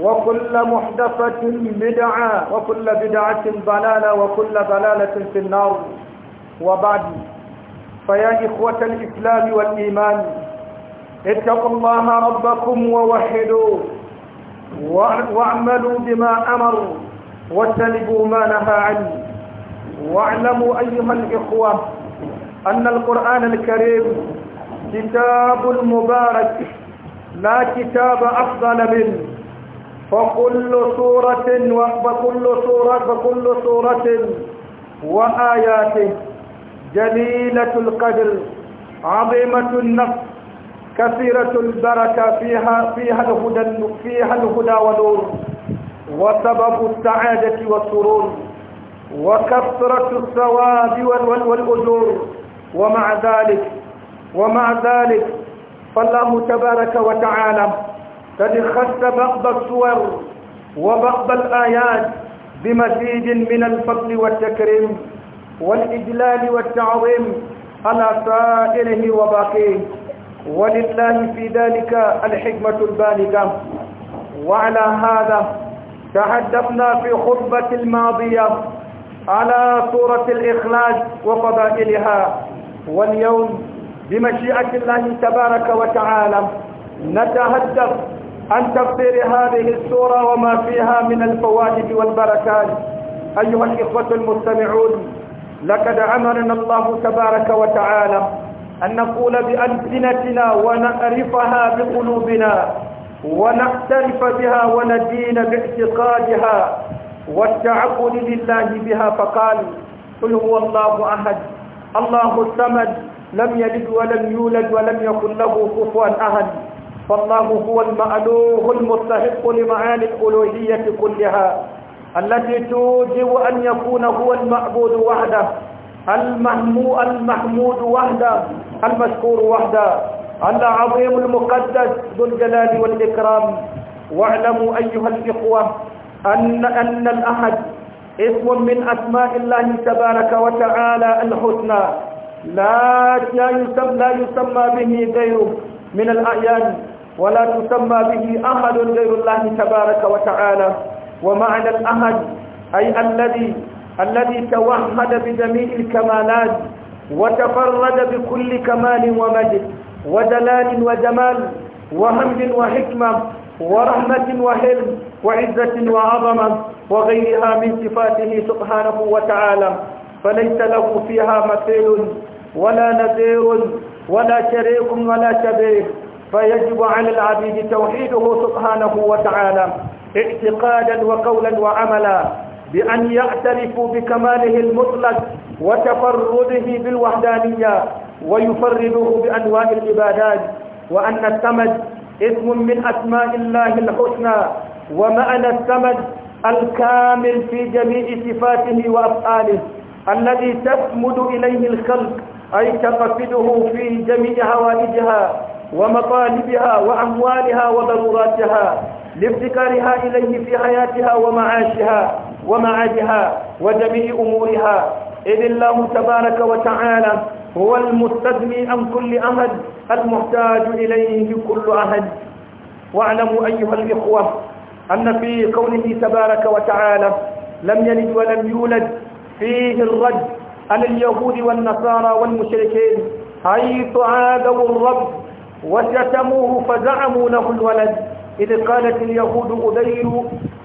وكل محدثة بدعة وكل بدعة ضلالة وكل ضلالة في النار وبعد فيا إخوة الإسلام والإيمان اتقوا الله ربكم ووحدوا واعملوا بما أمر واجتنبوا ما نهى عنه واعلموا أيها الإخوة أن القرآن الكريم كتاب مبارك لا كتاب أفضل منه فكل سورة وكل سورة وكل سورة وآياته جليلة القدر عظيمة النفس كثيرة البركة فيها فيها الهدى فيها الهدى والنور وسبب السعادة والسرور وكثرة الثواب والأجور ومع ذلك ومع ذلك فالله تبارك وتعالى قد خص بعض الصور وبعض الآيات بمزيد من الفضل والتكريم والإجلال والتعظيم على سائره وباقيه ولله في ذلك الحكمة البالغة وعلى هذا تحدثنا في خطبة الماضية على صورة الإخلاص وفضائلها واليوم بمشيئة الله تبارك وتعالى نتحدث عن تفسير هذه السورة وما فيها من الفوائد والبركات أيها الإخوة المستمعون لقد أمرنا الله تبارك وتعالى أن نقول بألسنتنا ونعرفها بقلوبنا ونعترف بها وندين باعتقادها والتعبد لله بها فقال قل هو الله أحد الله الصمد لم يلد ولم يولد ولم يكن له كفوا أحد فالله هو المألوه المستحق لمعاني الألوهية كلها التي توجب أن يكون هو المعبود وحده المهمو المحمود وحده المشكور وحده العظيم المقدس ذو الجلال والإكرام واعلموا أيها الإخوة أن أن الأحد اسم من أسماء الله تبارك وتعالى الحسنى لا لا يسمى به غيره من الأعيان ولا تسمى به أحد غير الله تبارك وتعالى ومعنى الأحد أي الذي الذي توحد بجميع الكمالات وتفرد بكل كمال ومجد ودلال وجمال وهمد وحكمة ورحمة وحلم وعزة وعظمة وغيرها من صفاته سبحانه وتعالى فليس له فيها مثيل ولا نذير ولا شريك ولا شبيه فيجب على العبيد توحيده سبحانه وتعالى اعتقادا وقولا وعملا بأن يعترف بكماله المطلق وتفرده بالوحدانية ويفرده بأنواع العبادات وأن الثمد اسم من أسماء الله الحسنى ومعنى الثمد الكامل في جميع صفاته وأفعاله الذي تثمد إليه الخلق أي تقفده في جميع هوائجها ومطالبها وأموالها وضروراتها لافتكارها إليه في حياتها ومعاشها ومعادها وجميع أمورها إذ الله تبارك وتعالى هو المستدمي عن كل أهد المحتاج إليه كل أهد واعلموا أيها الإخوة أن في قوله تبارك وتعالى لم يلد ولم يولد فيه الرد عن اليهود والنصارى والمشركين حيث عادوا الرب وشتموه فزعموا له الولد إذ قالت اليهود أذير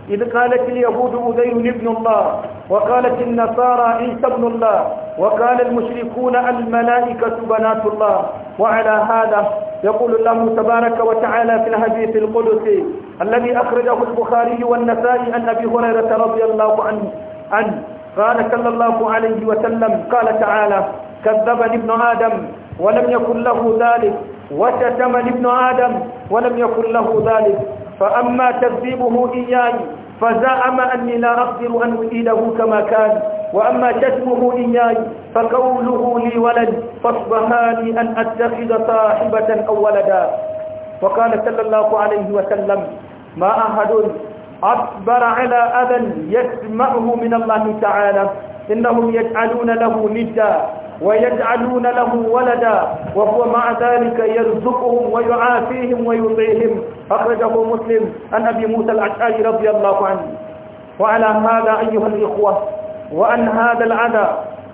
إذ قالت اليهود أذير ابن الله وقالت النصارى عيسى ابن الله وقال المشركون الملائكة بنات الله وعلى هذا يقول الله تبارك وتعالى في الحديث القدسي الذي أخرجه البخاري والنسائي عن أبي هريرة رضي الله عنه أن قال صلى الله عليه وسلم قال تعالى كذبني ابن آدم ولم يكن له ذلك وشتم ابن آدم ولم يكن له ذلك فأما تكذيبه إياي فزعم أني لا أقدر أن أعيده كما كان وأما شتمه إياي فقوله لي ولد فاصبحاني أن أتخذ صاحبة أو ولدا وقال صلى الله عليه وسلم ما أحد أكبر على أذى يسمعه من الله تعالى إنهم يجعلون له ندا ويجعلون له ولدا وهو مع ذلك يرزقهم ويعافيهم ويطيهم أخرجه مسلم عن أبي موسى الأشعري رضي الله عنه وعلى هذا أيها الإخوة وأن هذا العدى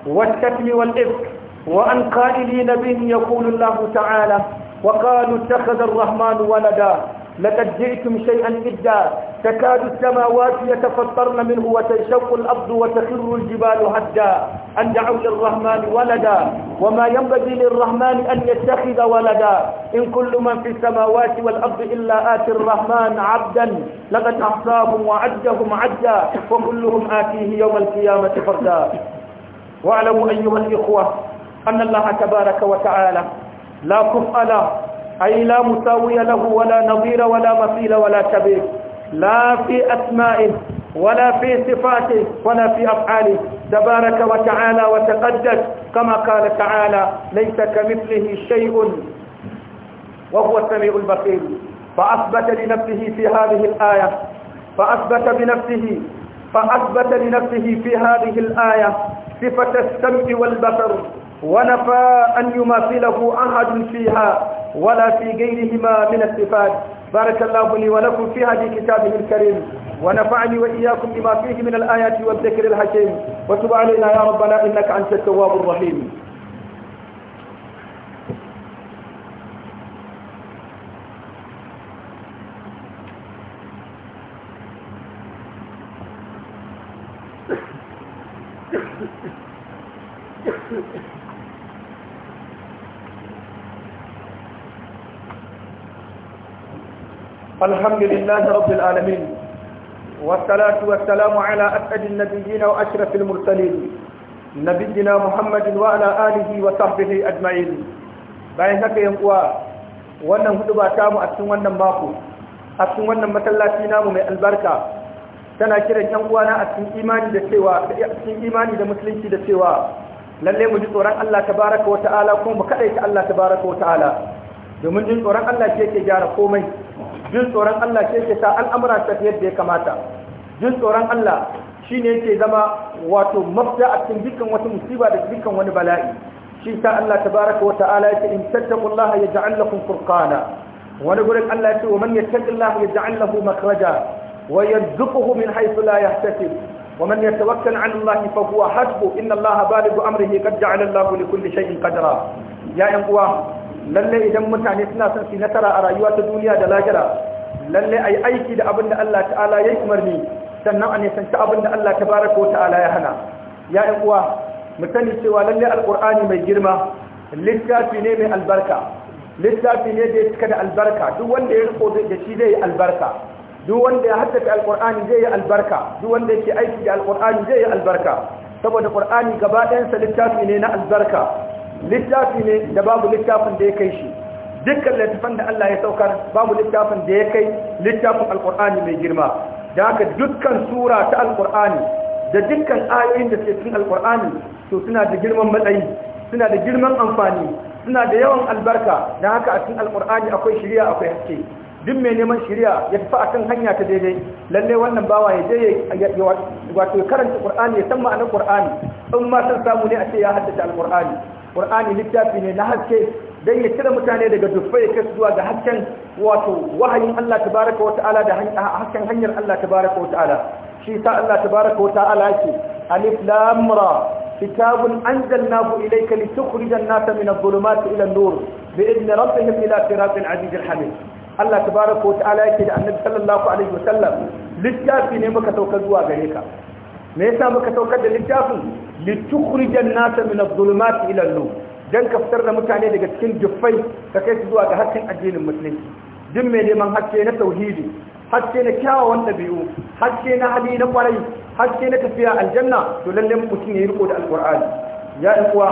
والشتم والإفك وأن قائلين به يقول الله تعالى وقالوا اتخذ الرحمن ولدا لقد جئتم شيئا إدا تكاد السماوات يتفطرن منه وتنشق الأرض وتخر الجبال هدا أن دعوا للرحمن ولدا وما ينبغي للرحمن أن يتخذ ولدا إن كل من في السماوات والأرض إلا آتي الرحمن عبدا لقد أحصاهم وعدهم عدا وكلهم آتيه يوم القيامة فردا واعلموا أيها الإخوة أن الله تبارك وتعالى لا كفء له أي لا مساوي له ولا نظير ولا مثيل ولا شبيه لا في أسمائه ولا في صفاته ولا في أفعاله تبارك وتعالى وتقدس كما قال تعالى ليس كمثله شيء وهو السميع البصير فأثبت لنفسه في هذه الآية فأثبت بنفسه فأثبت لنفسه في هذه الآية صفة السمع والبصر ونفى أن يماثله أحد فيها ولا في غيرهما من الصفات بارك الله لي ولكم في هذه كتابه الكريم ونفعني وإياكم بما فيه من الآيات والذكر الحكيم وتب علينا يا ربنا إنك أنت التواب الرحيم Thank you. الحمد لله رب العالمين والصلاة والسلام على أسعد النبيين وأشرف المرسلين نبينا محمد وعلى آله وصحبه أجمعين bayan haka yan uwa wannan hudu ba ta mu a cikin wannan mako a cikin wannan masallaci namu mai albarka tana kiran yan uwa na a cikin imani da cewa a cikin imani da musulunci da cewa lalle mu ji tsoron Allah tabaraka wa ta'ala kuma mu kadaita Allah tabaraka wa ta'ala domin jin tsoron Allah shi yake gyara komai jin tsoron Allah shi ke sa al'amura ta yadda ya kamata jin tsoron Allah shi ne yake zama wato mafita a cikin dukkan wata musiba da dukkan wani bala'i shi sa Allah tabaraka wa ta'ala yake in tattaqullaha yaj'al lakum furqana wani gurin Allah ce wa man yattaqillaha yaj'al lahu makhraja wa yarzuquhu min haythu la yahtasib wa man yatawakkal 'ala Allah fa huwa hasbuh inna Allah balighu amrihi qad ja'ala Allah li kulli shay'in qadra ya yan uwa lalle idan mutane suna son su nasara a rayuwa ta duniya da lallai lalle yi aiki da abin da Allah ta'ala ya umarni sannan a nisanci abin da Allah tabaraka wa ta'ala ya hana ya yan uwa mu sani cewa lalle alqur'ani mai girma littafi ne mai albarka littafi ne da ya cika da albarka duk wanda ya riko da shi zai yi albarka duk wanda ya haddace alqur'ani zai yi albarka duk wanda yake aiki da alqur'ani zai yi albarka saboda qur'ani gaba ɗayansa littafi ne na albarka littafi ne da babu littafin da ya kai shi dukkan littafin da Allah ya saukar babu littafin da ya kai littafin alkur'ani mai girma da haka dukkan sura ta alkur'ani da dukkan ayoyin da ke cikin alkur'ani to suna da girman matsayi suna da girman amfani suna da yawan albarka da haka a cikin alkur'ani akwai shiriya akwai haske duk mai neman shiriya ya tafi akan hanya ta daidai lalle wannan bawa ya je wato karanta qur'ani ya san ma'anar qur'ani in ma san samu ne a ce ya haddace alkur'ani qur'ani littafi ne na haske dan ya cire mutane daga ya kai zuwa ga hasken wato wahayin Allah tabaaraka ta'ala da hasken hanyar Allah tabaaraka ta'ala shi ta Allah tabaaraka ta'ala yake alif lam ra kitabun anzalnahu ilayka litukhrijan nasa min adh-dhulumati ila an-nur bi'idni rabbihim ila siratil azizil hamid Allah tabaaraka ta'ala yake da annabi sallallahu alaihi wasallam littafi ne muka sauka zuwa gare ka me yasa muka saukar da littafin litukhrijan nasa min adh-dhulumati ila an-nur dan ka fitar da mutane daga cikin dufai ka kai su zuwa ga hakkin addinin musulunci duk mai neman hakke na tauhidi hakke na kyawawan dabi'u hakke na hali na kwarai hakke na tafiya aljanna to lalle mutum ya riko da alqur'ani ya kuwa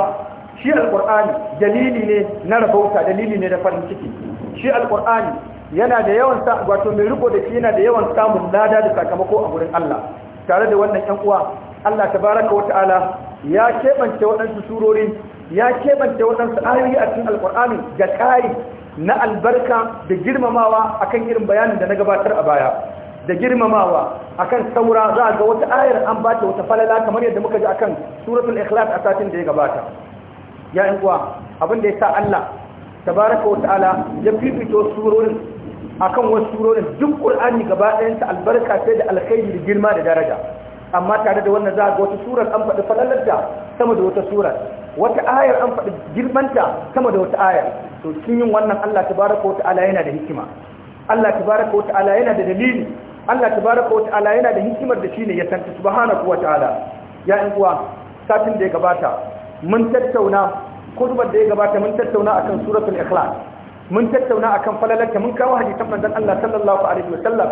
shi alqur'ani dalili ne na rabauta dalili ne da farin ciki shi alqur'ani yana da yawan sa wato mai riko da shi yana da yawan samun lada da sakamako a gurin Allah tare da wannan yan uwa Allah tabaraka wa ta'ala ya kebance waɗansu surori ya kebance waɗansu ayoyi a cikin alqur'ani ga ƙari na albarka da girmamawa akan irin bayanin da na gabatar a baya da girmamawa akan saura za ga wata ayar an bata wata falala kamar yadda muka ji akan suratul ikhlas a satin da ya gabata ya uwa abin da ya sa Allah tabaraka wa ta'ala ya fifito surorin akan wasu surorin duk qur'ani gaba ta albarka sai da alkhairi da girma da daraja amma tare da wannan za ga wata surar an faɗi falalarta sama da wata surar wata ayar an faɗi girmanta sama da wata ayar to kin yin wannan Allah tabaraka wa ta'ala yana da hikima Allah tabaraka wa ta'ala yana da dalili Allah tabaraka wa ta'ala yana da hikimar da shine ya santa subhanahu wa ta'ala ya in uwa satin da ya gabata mun tattauna kudubar da ya gabata mun tattauna akan suratul ikhlas mun tattauna akan falalarta mun kawo hadisan manzon Allah sallallahu alaihi wasallam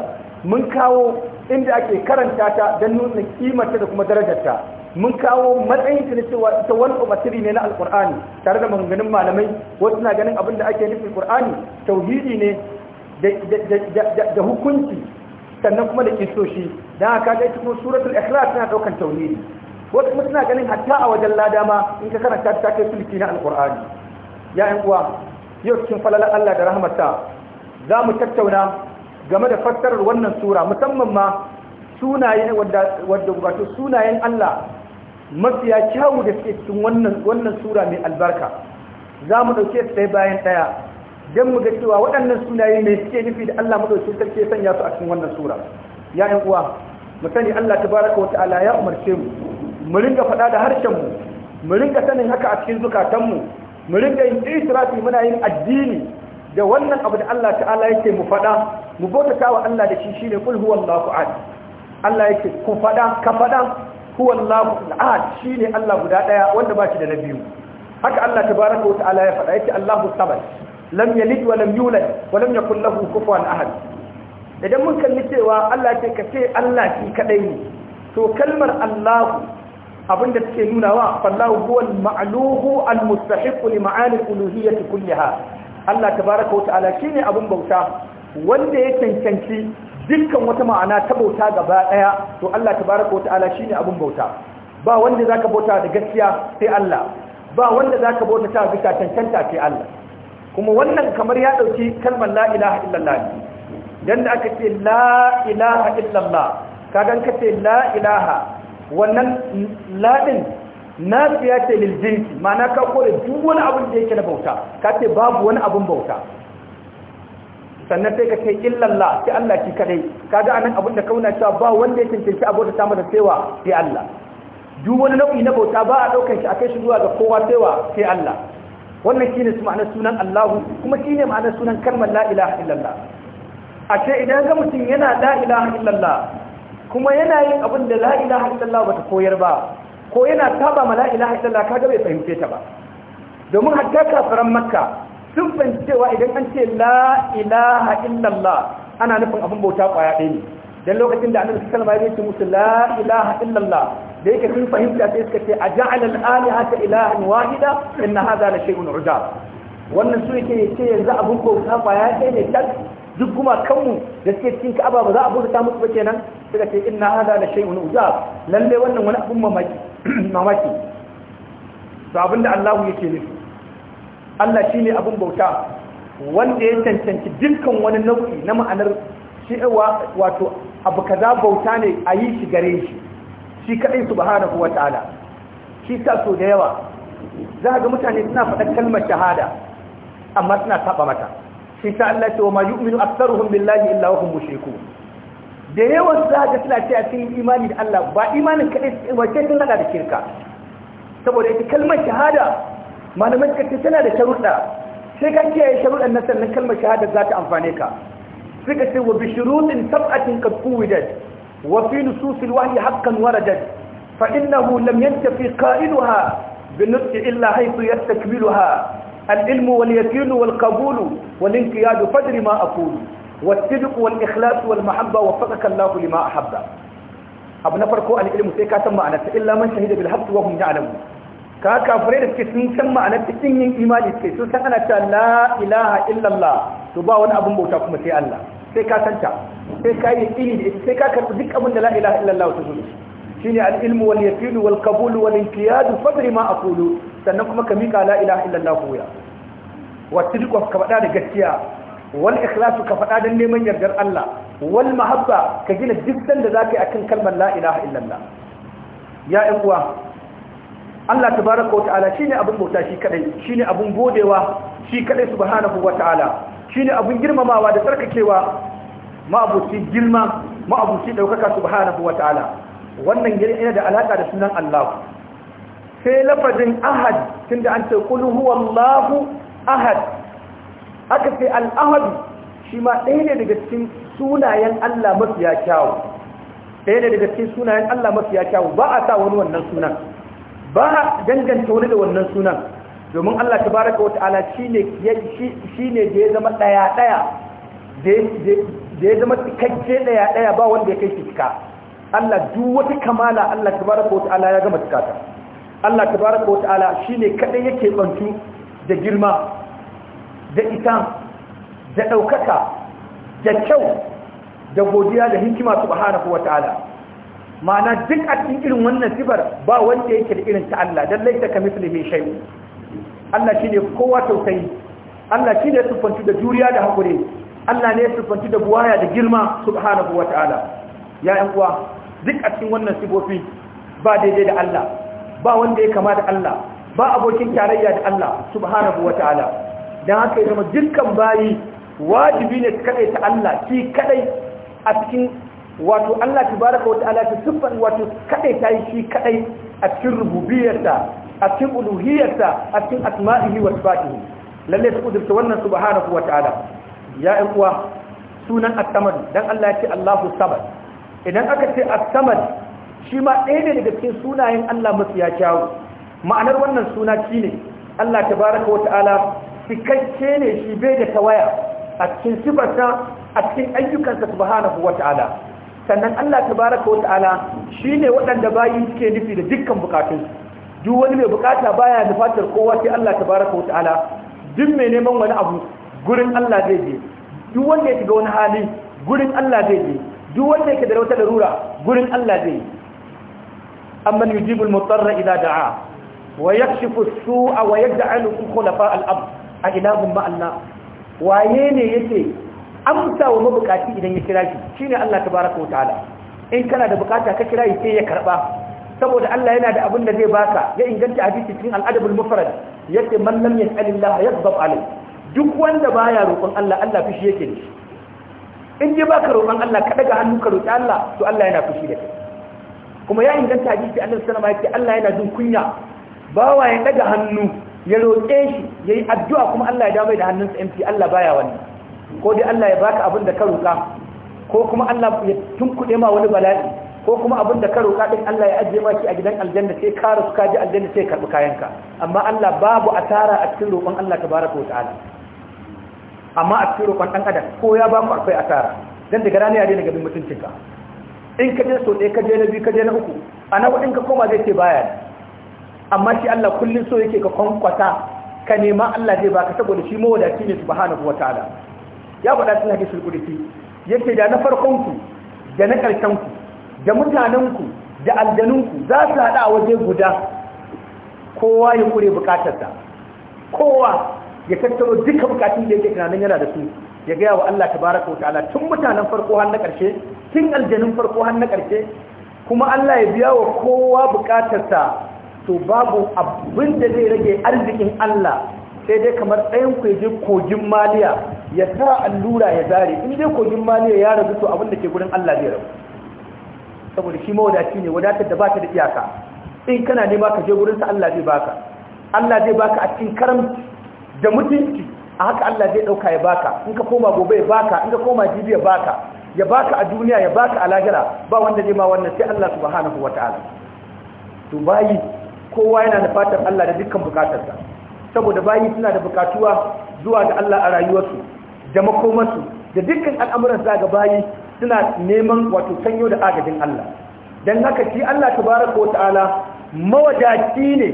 mun kawo inda ake karanta ta don nuna kimarta da kuma darajarta mun kawo matsayin ta na cewa ita wani umatiri ne na alkur'ani tare da maganganun malamai wasu na ganin abin da ake nufin alkur'ani tauhidi ne da hukunci sannan kuma da kisoshi don haka ga cikin suratul ikhlas tana daukan tauhidi wasu kuma suna ganin hatta a wajen lada ma in ka karanta ta kai sulki na alkur'ani ya uwa yau cikin falalar Allah da rahmata za mu tattauna game da fassarar wannan sura musamman ma sunayen wanda wato sunayen Allah mafiya kyawu da suke cikin wannan wannan sura mai albarka za mu ɗauke su bayan ɗaya dan mu ga cewa waɗannan sunaye mai suke nufi da Allah maɗauki sarki sanya su a cikin wannan sura ya uwa mu sani Allah tabaraka wa ta'ala ya umarce mu mu ringa faɗa da harshen mu mu ringa sanin haka a cikin mu. mu rinka yin israfi muna yin addini da wannan abu da Allah ta'ala yake mu fada, mu bautata wa Allah da shi shine kul huwallahu ahad Allah yake ku fada, ka faɗa huwallahu ahad shine Allah guda daya wanda ba shi da na biyu. haka Allah tabaraka wa ta'ala ya faɗa yake Allahu samad lam yalid wa lam yulad wa lam yakul lahu kufuwan ahad idan mun kalli cewa Allah ce ka ce Allah shi kadai ne to kalmar Allahu abinda suke nunawa fallahu huwal ma'luhu al-mustahiqu li ma'ani uluhiyyati kulliha Allah tabaraka wa ta'ala shine abin bauta wanda ya cancanci dukkan wata ma'ana ta bauta gaba daya to Allah tabaraka wa ta'ala shine abin bauta ba wanda zaka bauta da gaskiya sai Allah ba wanda zaka bauta ta bisa cancanta sai Allah kuma wannan kamar ya dauki kalmar la ilaha illallah dan da aka ce la ilaha illallah kagan kace la ilaha wannan ladin nafiya ce lil mana ma'ana ka kore duk wani abin da yake na bauta ka ce babu wani abin bauta sannan sai ka ce illallah sai Allah ki kadai ga anan abin da kauna cewa ba wanda ya cancanci abota ta da cewa sai Allah duk wani nau'i na bauta ba a daukar shi akai shi zuwa ga kowa cewa sai Allah wannan shine su ma'anar sunan Allahu kuma shine ma'anar sunan kalmar la ilaha illallah a ce idan ga mutum yana la ilaha illallah kuma yana yin abin da la ilaha illallah bata koyar ba ko yana saba ma la ilaha illallah kaga bai fahimce ta ba domin hatta kafiran makka sun fahimci cewa idan an ce la ilaha illallah ana nufin abin bauta kwaya ɗaya ne lokacin da annabi sallallahu alaihi wasallam ya ce musu la ilaha illallah da yake sun fahimta sai suka ce aja'ala al-alihata ilahan wahida inna hadha la shay'un ujab wannan su yake ce yanzu abin bauta kwaya ɗaya ne tak duk kuma kanmu da suke cikin ka'aba ba za a bauta musu ba kenan suka ce inna hada da shay'un ujab lalle wannan wani abin mamaki to abinda Allah yake nufi Allah ne abin bauta wanda ya cancanci dukkan wani nau'i na ma'anar shi wato abu kaza bauta ne a yi shi gare shi shi kadai subhanahu wataala shi ta so da yawa za ga mutane suna faɗa kalmar shahada amma suna taɓa mata shi ta Allah ce wa ma yu'minu aktsaruhum billahi illa wa hum mushrikun da yawan za ga suna ce a cikin imani da Allah ba imanin kaɗai wace sun laga da shirka saboda ita kalmar shahada malamai suka ce tana da sharuɗa sai ka kiyaye sharuɗan na sannan kalmar shahada za ta amfane ka suka ce wa bishurutin sab'atin qad quwidat wa fi nususil wahyi haqqan waradat fa innahu lam yantafi qa'iluha bin nutqi illa haythu yastakmiluha al-ilmu wal yaqinu wal qabulu wal inqiyadu fadri ma aqulu والصدق والإخلاص والمحبة وفقك الله لما أحب abu na farko al'ilmu sai ka san ma'anarta illa man shahida bil haqqi wa hum ka kafire da suke sun san ma'anarta sun yin imani sai sun san ana ta la ilaha illallah to ba wani abun bauta kuma sai Allah sai ka san ta sai ka yi ilimi sai ka karbi duk abin da la ilaha illallah ta zo shine al'ilmu sannan kuma ka mika la ilaha illallah ka da gaskiya wal ikhlasu ka faɗa don neman yardar Allah wal mahabba ka gina duk dukkan da zaka yi akan kalmar la ilaha illallah ya ɗan uwa Allah tabaraka wa ta'ala shine abin bauta shi kadai shine abin godewa shi kadai subhanahu wa ta'ala shine abin girmamawa da tsarkakewa ma'abuci girma ma'abuci daukaka subhanahu wa ta'ala wannan yana da alaka da sunan Allah sai lafazin ahad tunda an ce qul huwallahu ahad aka ce al'ahadu shi ma ɗaya ne daga cikin sunayen Allah mafiya kyawu ɗaya ne daga cikin sunayen Allah mafiya kyawu ba a sa wani wannan sunan ba a danganta wani da wannan sunan domin Allah baraka wa ta'ala shi ne da ya zama ɗaya ɗaya da ya zama cikakke ɗaya ɗaya ba wanda ya kai shi cika Allah duk wata kamala Allah baraka wa ta'ala ya gama cikata Allah wata wa ta'ala ne kaɗai yake tsantu da girma da ita da ɗaukaka da kyau da godiya da hikima subhanahu wata'ala ma'ana duk a irin wannan sifar ba wanda yake da irin ta Allah dan laita ka mai shay'un Allah shine kowa tausayi Allah shine sufanci da juriya da hakuri Allah ne sufanci da buwaya da girma subhanahu wata'ala ya yan uwa duk a wannan sifofi ba daidai da Allah ba wanda ya kama da Allah ba abokin tarayya da Allah subhanahu wata'ala don haka zama dukkan bayi wajibi ne kadai ta Allah shi kadai a cikin wato Allah tabaraka wata'ala ta siffan wato kadai ta yi shi kadai a cikin rububiyarta, a cikin uluhiyarta, a cikin asma'ihi wa sifatihi lalle su kudurta wannan subhanahu ta'ala ya ƴan uwa sunan as-samad dan Allah ya ce Allahu sabad idan aka ce as-samad shi ma ɗaya ne daga cikin sunayen Allah masu ya kyawu ma'anar wannan suna shine Allah Baraka wa ta'ala cikakke ne shi bai da tawaya a cikin sifarsa a cikin ayyukansa subhanahu wata'ala sannan Allah tabaraka wata'ala shine waɗanda bayi suke nufi da dukkan bukatun duk wani mai bukata baya da fatar kowa sai Allah tabaraka wata'ala duk mai neman wani abu gurin Allah zai je duk wanda ya shiga wani hali gurin Allah zai je duk wanda yake da wata larura gurin Allah zai je. amma yujibul mutarra idza da'a wa yakshifu as-su'a wa yaj'alukum khulafa al-ard a ilahun ba waye ne yake amsa wa mabukaci idan ya kira shi Shi ne Allah ta tabaraka ta'ala in kana da bukata ka kira sai ya karba saboda Allah yana da abin da zai baka ya inganta hadisi cikin al'adabul mufrad yace man lam yas'alillah yaghdab alai duk wanda baya roƙon Allah Allah fushi yake da shi in je baka roƙon Allah ka daga hannu ka roƙi Allah to Allah yana fushi da kai kuma ya inganta hadisi Allah sallallahu alaihi wasallam yace Allah yana jin kunya bawa ya daga hannu ya roƙe shi ya yi addu'a kuma Allah ya damai da hannunsa MP Allah baya wani ko dai Allah ya baka abin da ka roƙa ko kuma Allah ya tunkuɗe ma wani bala'i ko kuma abin da ka roƙa ɗin Allah ya ajiye ma shi a gidan aljanna sai ka rasu ka ji aljanna sai karɓi kayanka amma Allah babu a tara a cikin roƙon Allah ta baraka wa ta'ala amma a cikin roƙon ɗan adam ko ya baku akwai a tara dan daga rana ya daina gabin mutuncinka in ka je so ɗaya ka je na biyu ka je na uku a na ka koma zai ce baya amma shi Allah kullum so yake ka kwankwata ka nema Allah zai baka saboda shi mawadaci ne subhanahu wataala ya faɗa cikin hadisul qudsi yake da na farkon ku da na ƙarshenku, ku da mutanen da aljanun ku za su haɗa a waje guda kowa ya kure bukatarsa kowa ya tattaro duka bukatun da yake tunanin yana da su ya gaya wa Allah tabaraka ta'ala tun mutanen farko har na ƙarshe tun aljanun farko har na ƙarshe kuma Allah ya biya wa kowa bukatarsa to babu abin da zai rage arzikin Allah sai dai kamar ɗayan ku je kogin maliya ya sa allura ya zare in dai kogin maliya ya rabu to abin da ke gurin Allah zai rabu saboda shi mawadaci ne wadatar da ba ta da iyaka in kana nema ka je gurinsa Allah zai baka Allah zai baka a cikin karam da mutunci a haka Allah zai ɗauka ya baka in ka koma gobe ya baka in ka koma jibi ya baka ya baka a duniya ya baka a lahira ba wanda nema wannan sai Allah subhanahu wataala to bayi kowa yana da fatan Allah da dukkan bukatarsa saboda bayi suna da bukatuwa zuwa ga Allah a rayuwarsu da makomarsu da dukkan al'amuran za ga bayi suna neman wato sanyo da agajin Allah dan haka shi Allah tabaraka ta'ala mawadaci ne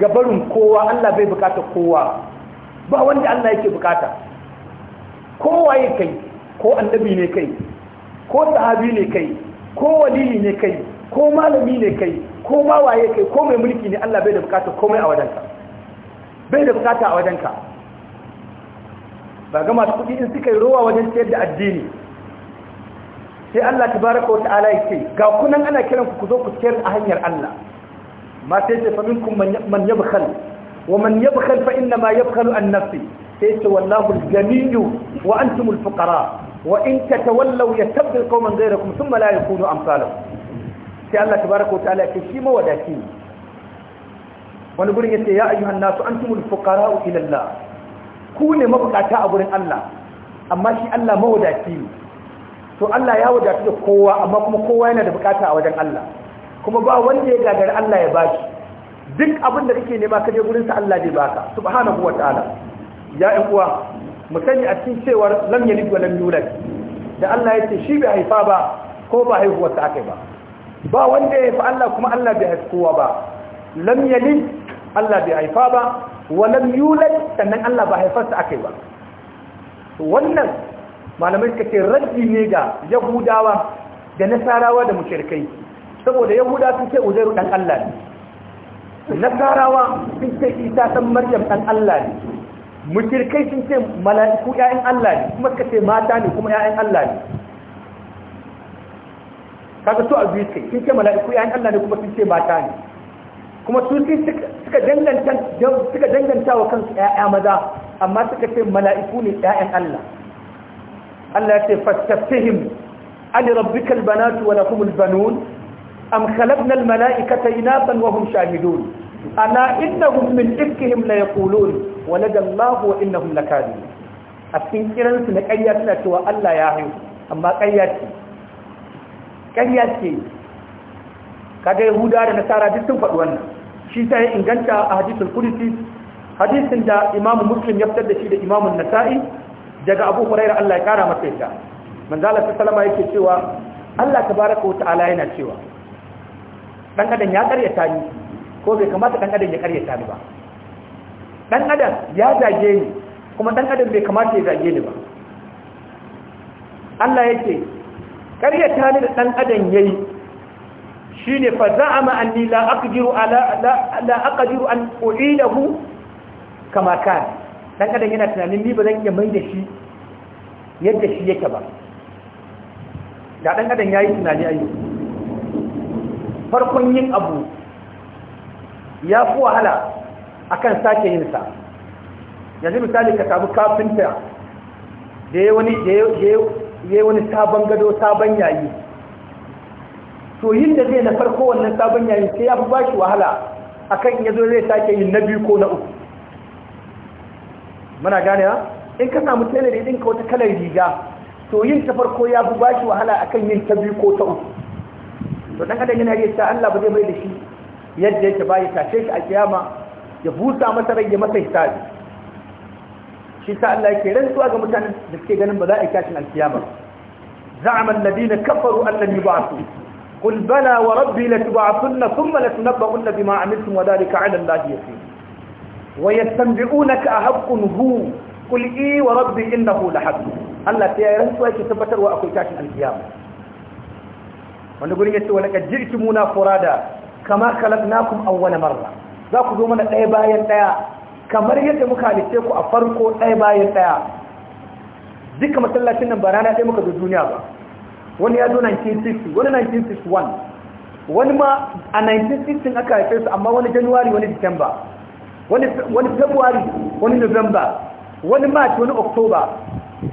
ga barin kowa Allah bai bukata kowa ba wanda Allah yake bukata kowa yake kai ko annabi ne kai ko sahabi ne kai ko waliyi ne kai ko malami ne kai ko ma waye kai ko mai mulki ne Allah bai da bukata komai a wajenka bai da bukata a wajenka ba ga masu kuɗi in suka yi rowa wajen ciyar da addini sai Allah tabaraka wa ta'ala ya ce ga kunan ana kiran ku ku zo ku ciyar a hanyar Allah ma sai ce faminkum man yabkhal wa man yabkhal fa inna ma yabkhalu an nafsi sai ce wallahu al-jamiyyu wa antum al-fuqara wa in tatawallaw yastabdil qawman ghayrakum thumma la yakunu amsalakum sai Allah tabaraka ta'ala ya ce shi mawadaci ne wani gurin ya ce ya ayyuhan nasu an tumul fuqara'u ila Allah ku ne mabukata a gurin Allah amma shi Allah mawadaci ne to Allah ya wadatu da kowa amma kuma kowa yana da bukata a wajen Allah kuma ba wanda ya gagari Allah ya bashi duk abin da kake nema ka je gurin sa Allah zai baka subhanahu wataala ya ɗan uwa mu sani a cikin cewar lam yalid wa lam yulad da Allah ya ce shi bai haifa ba ko ba haihuwar ta akai ba ba wanda ya fi Allah kuma Allah bai haifi kowa ba lam yalid Allah bai haifa ba wa lam yulad sannan Allah ba haifarsa akai ba wannan malamai suka ce raddi ne ga yahudawa da nasarawa da mushrikai saboda yahuda sun ce uzairu dan Allah ne nasarawa sun ce isa san maryam dan Allah ne mushrikai sun ce mala'iku ƴaƴan Allah ne kuma suka ce mata ne kuma ƴaƴan Allah ne kaga su a biyu ce sun ce mala'iku yayin Allah ne kuma sun ce mata ne kuma su suka danganta suka danganta wa kansu ƴaƴa maza amma suka ce mala'iku ne ƴaƴan Allah Allah ya ce fastafihim ali rabbikal banatu wa lakumul banun am khalaqna mala'ikata inaban wa hum shahidun ana innahum min ifkihim la yaqulun wa Allah wa innahum lakadibun a cikin kiransu na ƙarya suna cewa Allah ya haihu amma ƙarya ce ƙarya ce kaga yahuda da nasara duk sun faɗi wannan shi ta yi inganta a hadisun kudisi hadisun da imamu muslim ya fitar da shi da imamun nasa'i daga abu hurairar allah ya kara masa yadda manzala ta salama yake cewa allah ta baraka wata ta'ala yana cewa ɗan adam ya ta ni ko bai kamata ɗan adam ya ta ni ba Ɗan adam ya zage ni kuma ɗan adam bai kamata ya zage ni ba Allah yake Karya ta da ɗan adam ya yi shi ne fa za a ma'anni la'aƙadiru an ƙo'i da hu kama kan ɗan adam yana tunanin ni ba zan iya mai da shi yadda shi yake ba da ɗan adam ya yi tunani ayyu farkon yin abu ya fi wahala akan kan sake yinsa yanzu misali ka samu kafinta da ya wani da ya ya wani sabon gado sabon yayi to yin da zai na farko wannan sabon yayi sai ya fi ba shi wahala a kan yazo zai sake yin na biyu ko na uku mana gane in ka samu tailor din ka wata kalar riga to yin ta farko ya fi ba shi wahala a kan yin ta biyu ko ta uku to dan adam yana yi ta Allah ba zai bai da shi yadda yake ba ya tashe shi a kiyama ya busa masa rage masa hisabi shi sa Allah yake rantsuwa ga mutanen da suke ganin ba za a yi tashin alkiyama za'ama alladina kafaru allan yub'athu qul bala wa rabbi latub'athunna thumma latunabba'unna bima 'amiltum wa dhalika 'ala allahi yasir wa yastanbi'unaka ahaqqun hu qul i wa rabbi innahu lahaqq Allah ta yi rantsuwa tabbatar wa akwai tashin alkiyama wanda gurin yace wa laqad ji'tumuna furada kama khalaqnakum awwala marra za ku zo mana ɗaya bayan ɗaya kamar yadda muka halice ku a farko ɗaya bayan ɗaya duka masallacin nan ba rana ɗaya muka zo duniya ba wani ya zo 1960 wani 1961 wani ma a 1960 aka haife su amma wani januwari wani december wani february wani november wani march wani october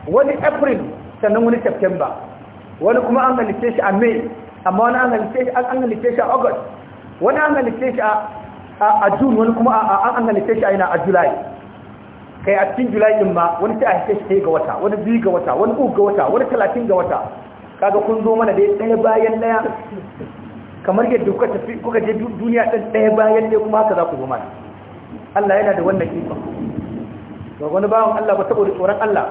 wani april sannan wani september wani kuma an halice shi a may amma wani an halice shi a august wani an halice shi a a june wani kuma an halitta shi a a july kai a cikin july din ma wani sai a halitta shi ga wata wani biyu ga wata wani uku ga wata wani talatin ga wata kaga kun zo mana da ɗaya bayan ɗaya kamar yadda kuka tafi kuka je duniya ɗin ɗaya bayan ɗaya kuma haka za ku zo mana Allah yana da wannan ikon ba wani bawan Allah ba saboda tsoron Allah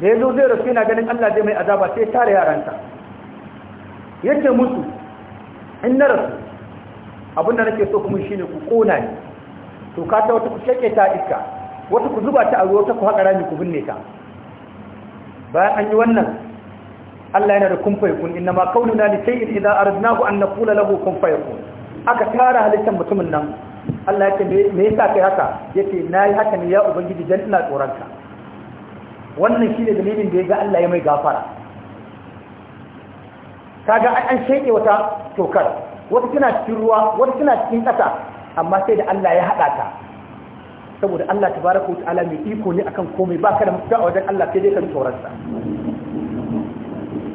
da ya zo zai rasu yana ganin Allah zai mai azaba sai tare yaranta yake musu in na rasu abinda nake so kuma shine ku kona ni to ka ta wata ku shake ta iska wata ku zuba ta a ruwa ta ku haƙa rami ku binne ta bayan an yi wannan Allah yana da kun fayakun inna ma kaununa li shay'in idza aradnahu an naqula lahu kun fayakun aka tara halittar mutumin nan Allah yake me yasa kai haka yace nayi haka ne ya ubangiji dan ina tsoronka wannan shine dalilin da yaga Allah ya mai gafara kaga an sheke wata tokar wata suna cikin ruwa wata suna cikin ƙasa amma sai da Allah ya haɗa ta saboda Allah ta baraka wata ta'ala mai iko ne akan komai ba ka da mutuwa wajen Allah sai dai ka tsoron sa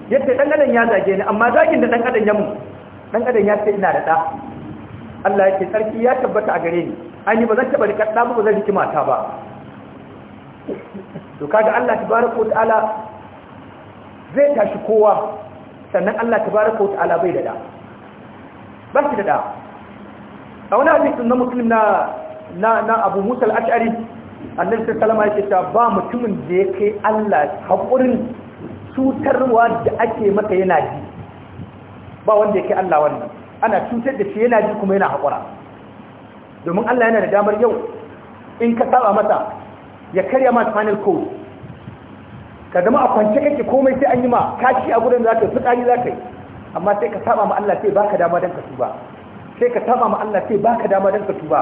yadda ɗan adam ya zage ni amma zagin da ɗan adam ya mu ɗan adam ya ce ina da ɗa. Allah ya ce sarki ya tabbata a gare ni an yi ba zan taɓa rikar ɗa ba zan riki mata ba to kaga Allah ta baraka wata ta'ala zai tashi kowa sannan Allah ta baraka wata ta'ala bai da ɗa. ba shi da da a wani hadisin na na na abu musa al-ash'ari annabi sallallahu yake ta ba mutumin da ya kai Allah hakurin cutarwa da ake maka yana ji ba wanda ya kai Allah wannan ana cutar da shi yana ji kuma yana hakura domin Allah yana da damar yau in ka saba masa ya karya ma final ko. ka zama a kwance kake komai sai an yi ma kashi a gurin za ka yi fitsari za ka yi amma sai ka saba ma Allah sai baka dama dan ka tuba sai ka saba ma Allah sai baka dama dan ka tuba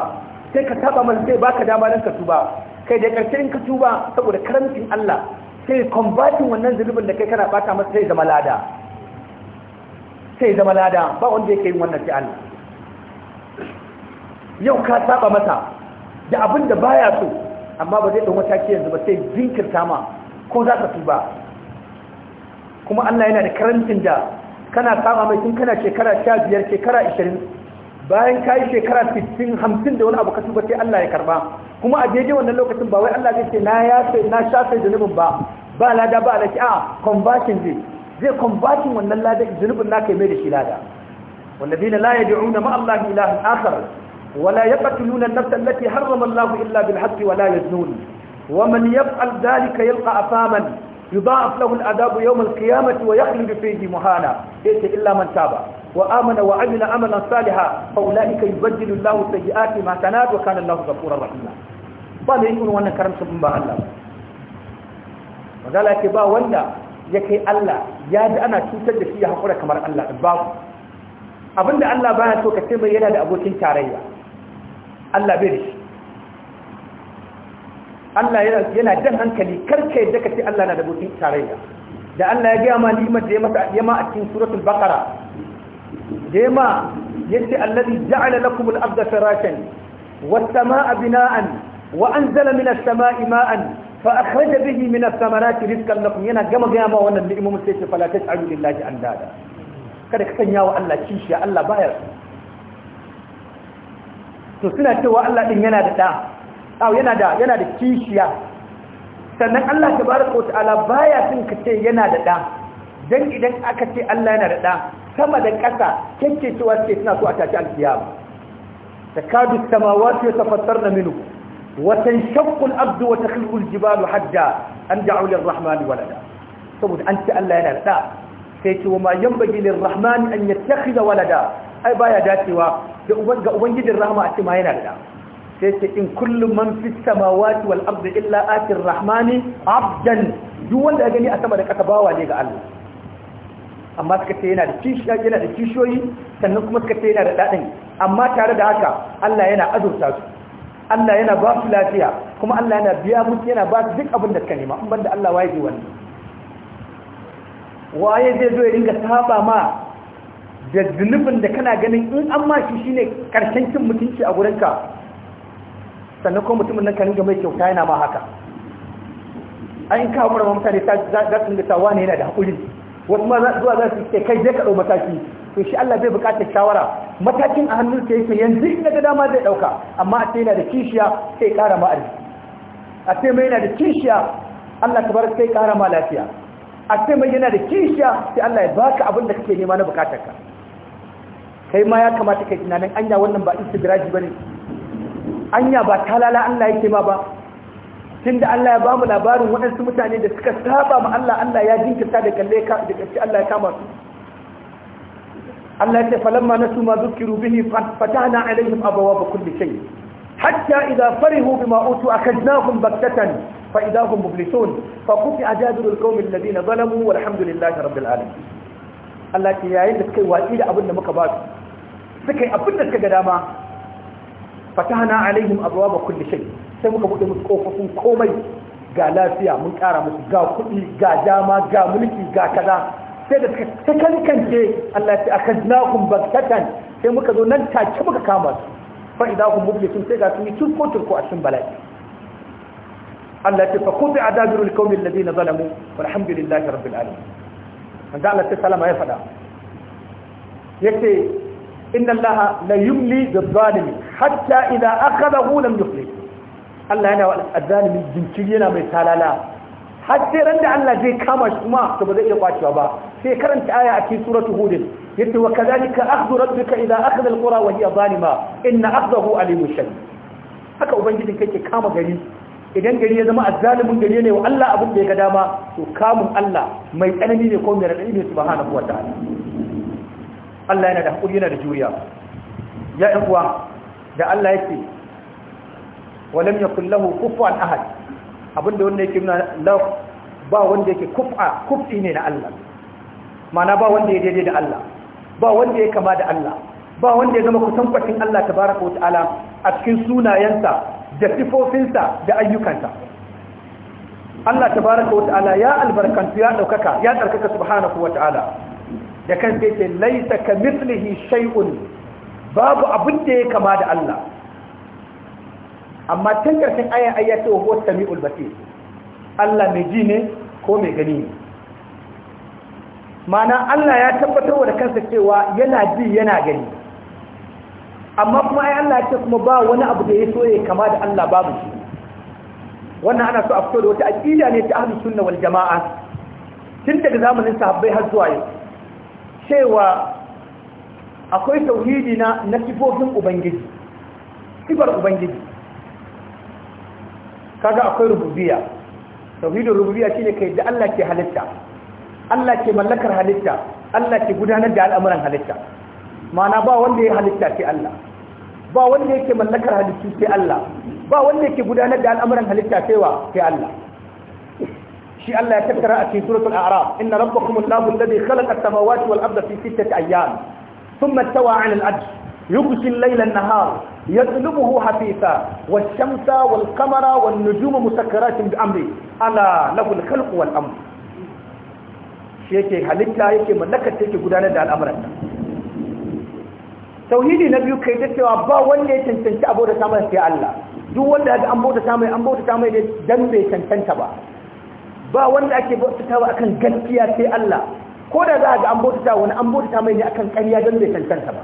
sai ka saba ma sai baka dama dan ka tuba kai da karshe in ka tuba saboda karamcin Allah sai combating wannan zulubin da kai kana bata masa sai zama lada sai zama lada ba wanda yake yin wannan sai Allah yau ka saba masa da abin da baya so amma ba zai ɗan mataki yanzu ba sai jinkirta ma ko za ka tuba kuma Allah yana da karantin da kana kama mai tun kana shekara sha biyar shekara ishirin bayan ka shekara fifin hamsin da wani abu kasu ba sai Allah ya karba kuma a daidai wannan lokacin ba wai Allah ya ce na ya sai na sha sai zunubin ba ba lada ba da ki a conversion zai zai conversion wannan ladai zunubin na kai mai da shi lada wanda bi na la ya da'una ma Allah na akhar wala yaqtuluna an-nafs allati harrama Allah illa bil haqqi wala yaznun wa man yaf'al dhalika yalqa afaman يضاعف له العذاب يوم القيامة ويخلد فيه مهانا ليس إلا من تاب وآمن وعمل عملا صالحا فأولئك يبدل الله سيئات ما كانت وكان الله غفورا رحيما bane yin wannan karamcin bin ba Allah magana ke ba wanda ya kai Allah ya ana cutar da shi haƙura kamar Allah babu abinda Allah baya so ka ce yana da abokin tarayya Allah bai da shi Allah yana jan hankali karka yadda ka ce Allah na da bukin tarayya da Allah ya gaya ma ni'imar da ya masa ya ma a cikin suratul baqara da ya ma yace allazi ja'ala lakum al-ardha firashan was samaa bina'an wa anzala minas samaa'i ma'an fa akhraja bihi minas thamarati rizqan lakum yana gama gaya ma wannan ni'imomin sai ce fala taj'alu lillahi andada kada ka sanya wa Allah kishiya Allah baya to suna cewa Allah din yana da da aw yana da yana da kishiya sannan Allah tabaraka wa ta'ala baya son ka ce yana da da dan idan aka ce Allah yana da da sama da ƙasa kike cewa ce suna so a tashi alkiyama takadu samawati yatafattarna minhu wa tanshaqqu al-ardu wa takhlu al-jibalu Hadda an da'u lir-rahmani walada saboda an ce Allah yana da da sai ce wa ma yanbaghi lir-rahmani an yattakhidha walada ai baya dacewa ga ubangijin rahma a ce ma yana da da sai ce in kullum man fi samawati wal ardi illa atir rahmani abdan duk wanda gani a sama da kasa bawa ne ga Allah amma suka ce yana da kishiya yana da kishiyoyi sannan kuma suka ce yana da daɗin. amma tare da haka Allah yana azurta su Allah yana ba su lafiya kuma Allah yana biya musu yana ba su duk abin da suka nema in banda Allah waye wannan waye zai zo ya dinga saba ma da zunubin da kana ganin in an ma shi shine karshen cin mutunci a gurinka sannan kuma mutumin nan kanin ringa mai kyauta yana ma haka an kawo mura mutane za su ringa tawa ne yana da haƙuri wasu ma zuwa za su ke eh, kai zai ka ɗau mataki to shi Allah bai buƙatar shawara matakin a hannun sa yake yanzu ina ga dama zai ɗauka. amma a sai yana da kishiya sai ƙara ma arziki a sai mai yana da kishiya Allah bar sai ƙara ma lafiya a sai mai yana da kishiya sai Allah ya baka abin da kake nema na buƙatarka ka kai ma ya kamata kai tunanin anya wannan ba istidraji bane anya ba talala Allah yake ma ba tunda Allah ya bamu labarin waɗansu mutane da suka saba ma Allah Allah ya jinkirta da kalle ka da kace Allah ya kama su Allah ya ce falamma nasu ma zukiru bihi fatahna alaihim abawaba kulli shay hatta idza farihu bima utu akadnahum baktatan fa idahum mublisun fa quti ajadirul qaumil ladina zalamu walhamdulillahi rabbil alamin Allah ya yayin da kai watsi da abin da muka ba su suka yi abin da suka ga dama fatahna alaihim abwaba kulli shay sai muka bude musu kofofin komai ga lafiya mun kara musu ga kuɗi ga dama ga mulki ga kaza sai da suka takankance Allah ya akhadnakum baghtatan sai muka zo nan take muka kama su fa idahum mublisun sai ga sun yi turko turko a cikin bala'i Allah ya fa kubi adabirul qawmi alladhina zalamu walhamdulillahi rabbil alamin manzo Allah ya salama ya fada yace inna Allah la yumli bizzalimi hatta idza akhadahu lam yuflih Allah yana wa azzalimi jinkiri yana mai talala har sai ran da Allah zai kama shi kuma to ba zai iya kwacewa ba sai karanta aya a cikin suratul hud yace ka kadhalika akhdhu rabbika idza akhadha alqura wa hiya zalima inna akhdahu alimun shadid haka ubangijin kake kama gari idan gari ya zama azzalimin gari ne wa Allah abin ya ga dama to kamun Allah mai tsanani ne ko mai radadi ne subhanahu wa ta'ala Allah yana da haƙuri yana da juriya ya ɗan uwa da Allah yake walam yakul lahu kufuwan ahad abinda wanda yake nuna ba wanda yake kufa kufi ne na Allah Ma'ana ba wanda ya daidai da Allah ba wanda ya kama da Allah ba wanda ya zama kusan kwacin Allah tabaraka wa ta'ala a cikin sunayensa da sifofinsa da ayyukansa Allah tabaraka wa ta'ala ya albarkantu ya ɗaukaka ya tsarkaka subhanahu wa ta'ala da kansa yake laisa ka mislihi shay'un babu abin da ya kama da Allah amma tun karshen ayan ayya wa huwa sami'ul basir Allah mai ji ne ko mai gani ne mana Allah ya tabbatar da kansa cewa yana ji yana gani amma kuma ai Allah ya ce kuma ba wani abu da ya so ya kama da Allah babu shi wannan ana so a fito da wata aqida ne ta ahlus sunna wal jamaa tun daga zamanin sahabbai har zuwa yau cewa akwai tauhidi na na sifofin ubangiji sifar ubangiji kaga akwai rububiya. tauhidin rububiya shine kai da Allah ke halitta Allah ke mallakar halitta Allah ke gudanar da al'amuran halitta mana ba wanda ya halitta sai Allah ba wanda yake mallakar halittu sai Allah ba wanda yake gudanar da al'amuran halitta sai wa sai Allah shi Allah ya tattara a cikin suratul a'raf inna rabbakum allahu alladhi khalaqa as-samawati wal arda fi sittati ayyam thumma istawa 'ala al-'arsh yughshi al-layla an-nahar yatlubuhu hafisa wash-shamsa wal-qamara wan-nujuma musakkaratun bi amri ala lahu al-khalqu wal-amr shi yake halitta yake gudanar da al'amuran tauhidi na biyu kai ta cewa ba wanda ya cancanci ta Allah duk wanda an bauta ta mai dan bai cancanta ba ba wanda ake bautata ba akan gaskiya sai Allah ko da za a ga an bautata wani an bautata mai ne akan ƙarya don bai cancanta ba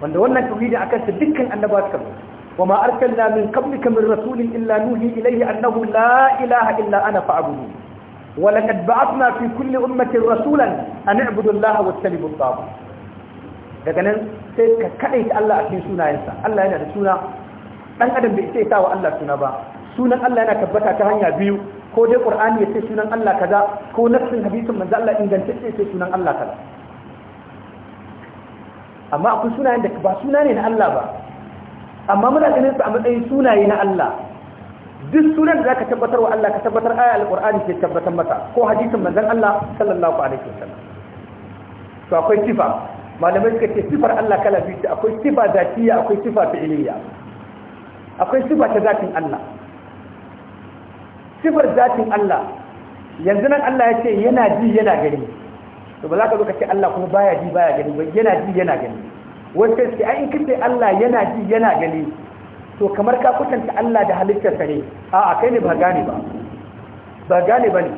wanda wannan tauhidin akan sa dukkan annabawa suka bauta wa ma arsalna min qablika min rasulin illa nuhi ilayhi annahu la ilaha illa ana fa'budu wa laqad ba'athna fi kulli ummatin rasulan an i'budu allaha wajtanibu at-taghut daga nan sai ka kadaita Allah a cikin sunayensa Allah yana da suna dan adam bai sai sa wa Allah suna ba sunan Allah yana tabbata ta hanya biyu ko dai qur'ani ya ce sunan Allah kaza ko nassin hadisin manzo Allah ingantacce ya ce sunan Allah kaza amma akwai sunayen da ba suna ne na Allah ba amma muna ganin su a matsayin sunaye na Allah duk sunan da zaka tabbatar wa Allah ka tabbatar aya alqur'ani ce tabbatar mata, ko hadisin manzon Allah sallallahu alaihi wasallam to akwai sifa malamai suka ce sifar Allah kala biyu akwai sifa zatiya akwai sifa fi'iliya akwai sifa ta zatin Allah sifar zatin Allah yanzu nan Allah ya ce yana ji yana gani to ba za ka zo ka ce Allah kuma baya ji baya gani ba yana ji yana gani wacce sai ai in kace Allah yana ji yana gani to kamar ka kutanta Allah da halittarsa ne a'a kai ne ba gane ba ba gane bane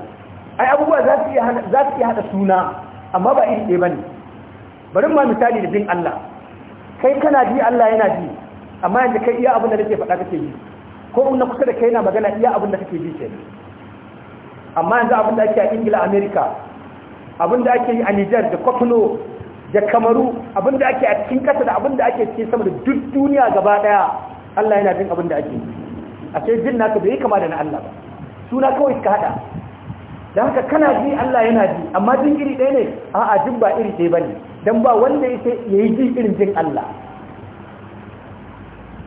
ai abubuwa za su iya za su iya hada suna amma ba iri ɗaya bane bari mu misali da bin Allah kai kana ji Allah yana ji amma yanzu kai iya abin da nake faɗa kake yi ko na kusa da kai na magana iya abin da kake ji ke amma yanzu abin da ake a ingila america abin da ake yi a niger da Kofno da kamaru abin da ake a cikin kasa da abin da ake cikin sama da duk duniya gaba daya allah yana jin abin da ake a ce jin naka bai yi kama da na allah ba suna kawai suka hada da haka kana ji allah yana ji amma jin iri ɗaya ne a'a jin ba iri ɗaya ba ne don ba wanda ya yi ji irin jin allah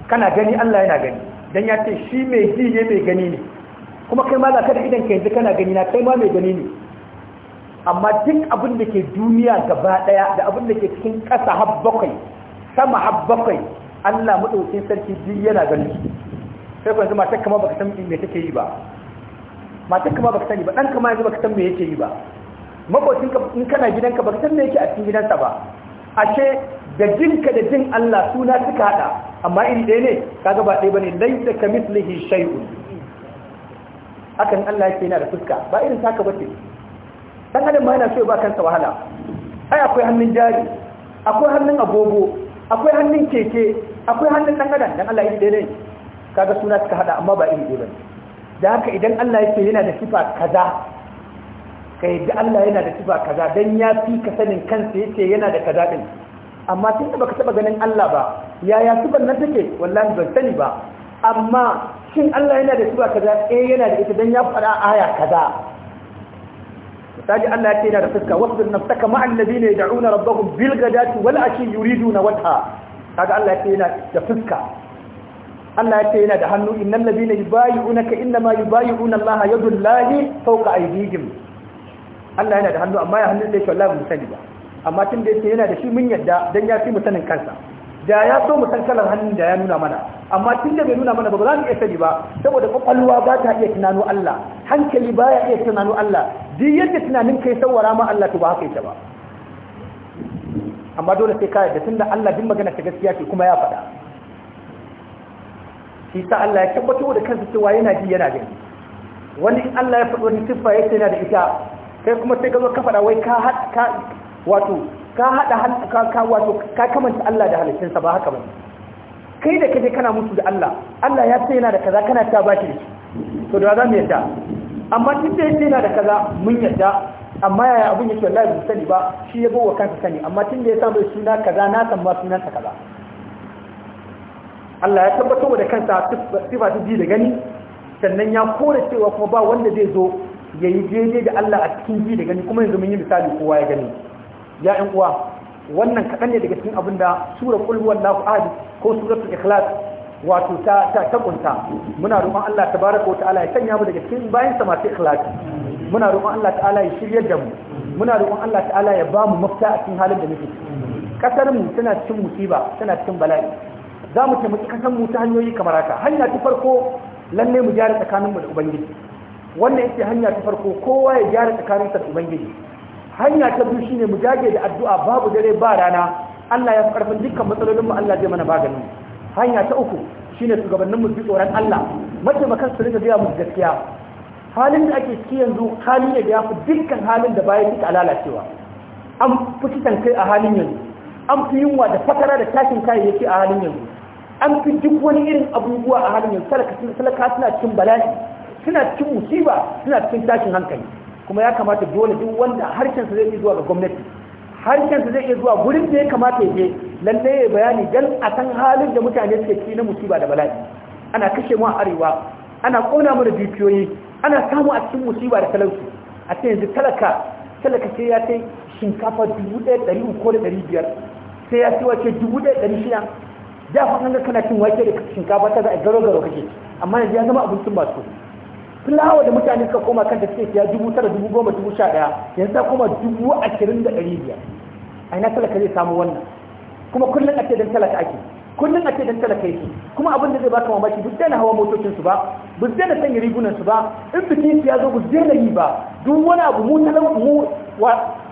kana gani allah yana gani dan ya ce shi mai ji ne mai gani ne kuma kai ma za ka da idan ka yanzu kana gani na kai ma mai gani ne amma duk abin da ke duniya gaba daya da abin da ke cikin ƙasa har bakwai sama har bakwai Allah madaukin sarki duk yana ganin sai ku yanzu matar kama baka san me take yi ba matar kama baka sani ba dan kama yanzu baka san me yake yi ba makocin ka in kana gidanka baka san me yake a cikin gidansa ba ashe da jinka da jin Allah suna suka hada amma in ɗaya ne kaga ba ɗaya bane laisa kamislihi shay'un hakan Allah yake yana da fuska ba irin taka bace dan adam ma yana so ba kansa wahala ai akwai hannun jari akwai hannun agogo akwai hannun keke akwai hannun dan adam dan Allah yake ɗaya ne kaga suna suka hada amma ba irin ɗaya bane da haka idan Allah yake yana da sifa kaza ka da Allah yana da sifa kaza dan ya fi ka sanin kansa yace yana da kaza din amma sun da baka taba ganin Allah ba yaya sifar nan take wallahi ban sani ba amma shin Allah yana da sifa kaza eh yana da ita dan ya fara aya kaza taji Allah yake yana da fuska wasbir nafsaka ma alladhina yad'una rabbahum bil ghadati wal ashi yuriduna wajha kaga Allah yake yana da fuska Allah yake yana da hannu innal ladina yubayyi'unaka innama yubayyi'una Allah yadullahi fawqa aydihim Allah yana da hannu amma ya hannun sai wallahi mun sani ba amma tun da yake yana da shi mun yadda dan ya fi mu sanin kansa da ya so mu san kalar hannun da ya nuna mana amma tun da bai nuna mana ba za mu iya sani ba saboda kwakwalwa ba ta iya tunano Allah hankali ba ya iya tunano Allah duk yadda tunanin kai sawara ma Allah to ba haka yake ba amma dole sai ka yadda tunda Allah din magana ta gaskiya ce kuma ya faɗa shi sa Allah ya tabbato da kansa cewa yana ji yana gani wani in Allah ya faɗo wani siffa yake yana da ita kai kuma sai ka zo ka faɗa wai ka wato ka hada ka wato ka kamanta Allah da halittunsa ba haka bane kai da kaje kana mutu da Allah Allah ya ce yana da kaza kana ta baki da shi to da za mu yadda amma duk da yake yana da kaza mun yadda amma yaya abun yake wallahi ba sani ba shi ya bawa kansa sani amma tun da ya samu suna kaza na san ma sunan sa kaza Allah ya tabbatar da kansa sifa ta ji da gani sannan ya kore cewa kuma ba wanda zai zo ya yi daidai da Allah a cikin ji da gani kuma yanzu mun yi misali kowa ya gani ya ƴan uwa wannan kaɗan ne daga cikin abin da sura qul huwallahu ahadi ko suratul ikhlas wato ta ta takunta muna roƙon Allah tabaraka ta'ala ya sanya mu daga cikin bayan sa masu ikhlasi muna roƙon Allah ta'ala ya shiryar da mu muna roƙon Allah ta'ala ya ba mu mafita a cikin halin da muke kasar mu tana cikin musiba tana cikin bala'i za mu taimaki kasar mu ta hanyoyi kamar haka hanya ta farko lalle mu gyara tsakanin mu da ubangiji wannan ita hanya ta farko kowa ya gyara tsakaninsa da ubangiji hanya ta biyu shine mu jage da addu'a babu dare ba rana Allah ya fi karfin dukkan matsalolin mu Allah zai mana maganin hanya ta uku shine shugabannin mu su tsoron Allah Mace mataimakan su rika gaya mu gaskiya halin da ake ciki yanzu halin da ya fi dukkan halin da baya kika lalacewa an fi kai a halin yanzu an fi yunwa da fatara da tashin kayayyaki a halin yanzu an fi duk wani irin abubuwa a halin yanzu talaka suna cikin bala'i suna cikin musiba suna cikin tashin hankali kuma ya kamata dole duk wanda harshensa zai yi zuwa ga gwamnati harshensa zai iya zuwa gurin da ya kamata ya je lalle ya bayani dan a san halin da mutane suke ci na musiba da bala'i ana kashe mu a arewa ana kona mu da dukiyoyi ana samu a cikin musiba da talauci a ce yanzu talaka talaka sai ya kai shinkafa dubu ɗaya ɗari uku da ɗari biyar sai ya ci wace dubu ɗaya ɗari shida da fa an ga kana cin wake da shinkafa ta za a garo garo kake amma yanzu ya zama abincin masu fulawa da mutane suka koma kanta suke siya dubu tara dubu goma dubu sha ɗaya yanzu ta koma dubu ashirin da ɗari biyar a ina talaka zai samu wannan kuma kullum a ce don talaka ake kullum a ce don talaka yake kuma abin da zai baka mamaki duk daina hawa motocin su ba bu daina sanya rigunan su ba in biki su ya zo bu daina yi ba duk wani abu mu mu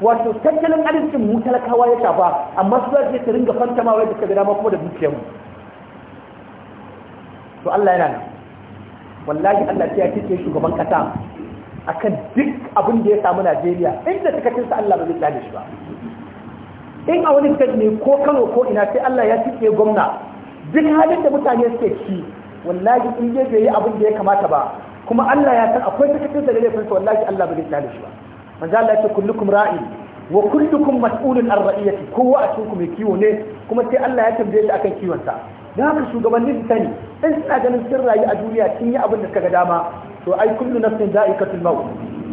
wato tattalin arzikin mu talakawa ya shafa amma su za su ringa fantamawa yadda suka gada ma kuma da dukiyar mu to Allah yana nan wallahi Allah ya kike shugaban kasa akan duk abin da ya samu Najeriya inda sa, Allah ba zai kyale shi ba in a wani state ne ko Kano ko ina sai Allah ya kike gwamna duk halin da mutane suke ci wallahi in je bai yi abin da ya kamata ba kuma Allah ya san akwai sa da laifinsa wallahi Allah ba zai kyale shi ba manzo Allah ya ce kullukum ra'i wa kullukum mas'ulun ar ra'iyati kowa a cikin ku mai kiwo ne kuma sai Allah ya tambaye shi akan kiwon sa da haka shugabanni su sani in suna ganin sun rayu a duniya sun yi abin da suka ga dama to ai kullu nafsin za'iqatul maut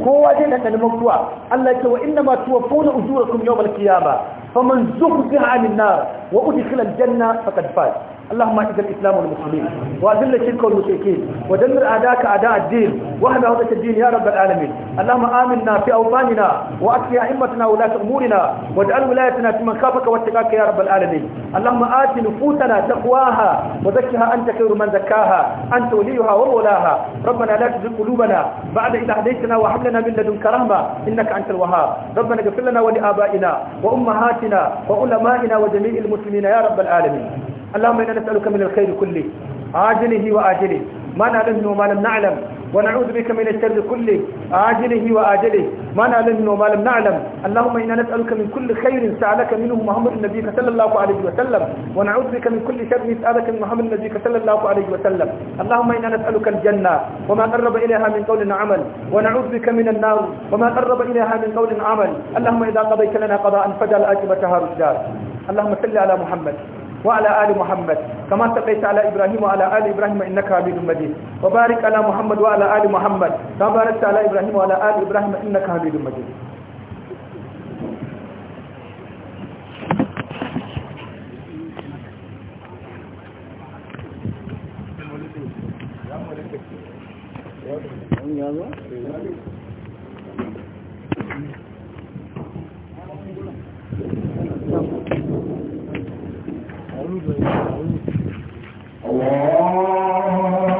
kowa zai da mutuwa Allah ya ce wa inna ma tuwaffawna ujurakum yawmal qiyamah faman zuhziha 'anil nar wa udkhila al-janna faqad faz اللهم اعز الاسلام والمسلمين واذل الشرك والمشركين ودمر اعداءك اعداء الدين واهد هذا الدين يا رب العالمين اللهم امنا في اوطاننا واكفي ائمتنا ولاة امورنا واجعل ولايتنا في من خافك واتقاك يا رب العالمين اللهم ات نفوسنا تقواها وزكها انت خير من زكاها انت وليها ومولاها ربنا لا تزغ قلوبنا بعد اذ هديتنا وهب لنا من لدنك رحمه انك انت الوهاب ربنا اغفر لنا ولابائنا وامهاتنا وعلمائنا وجميع المسلمين يا رب العالمين اللهم إنا نسألك من الخير كله عاجله وآجله ما نعلمه وما لم نعلم ونعوذ بك من الشر كله عاجله وآجله ما نعلمه وما لم نعلم اللهم إنا نسألك من كل خير سألك منه محمد النبي صلى الله عليه وسلم ونعوذ بك من كل شر سألك من محمد النبي صلى الله عليه وسلم اللهم إنا نسألك الجنة وما قرب إليها من قول عمل ونعوذ بك من النار وما قرب إليها من قول عمل اللهم إذا قضيت لنا قضاء فجعل أجبتها رجال اللهم صل على محمد وعلى آل محمد كما تقيت على إبراهيم وعلى آل إبراهيم إنك حميد مجيد وبارك على محمد وعلى آل محمد كما باركت على إبراهيم وعلى آل إبراهيم إنك حميد مجيد الله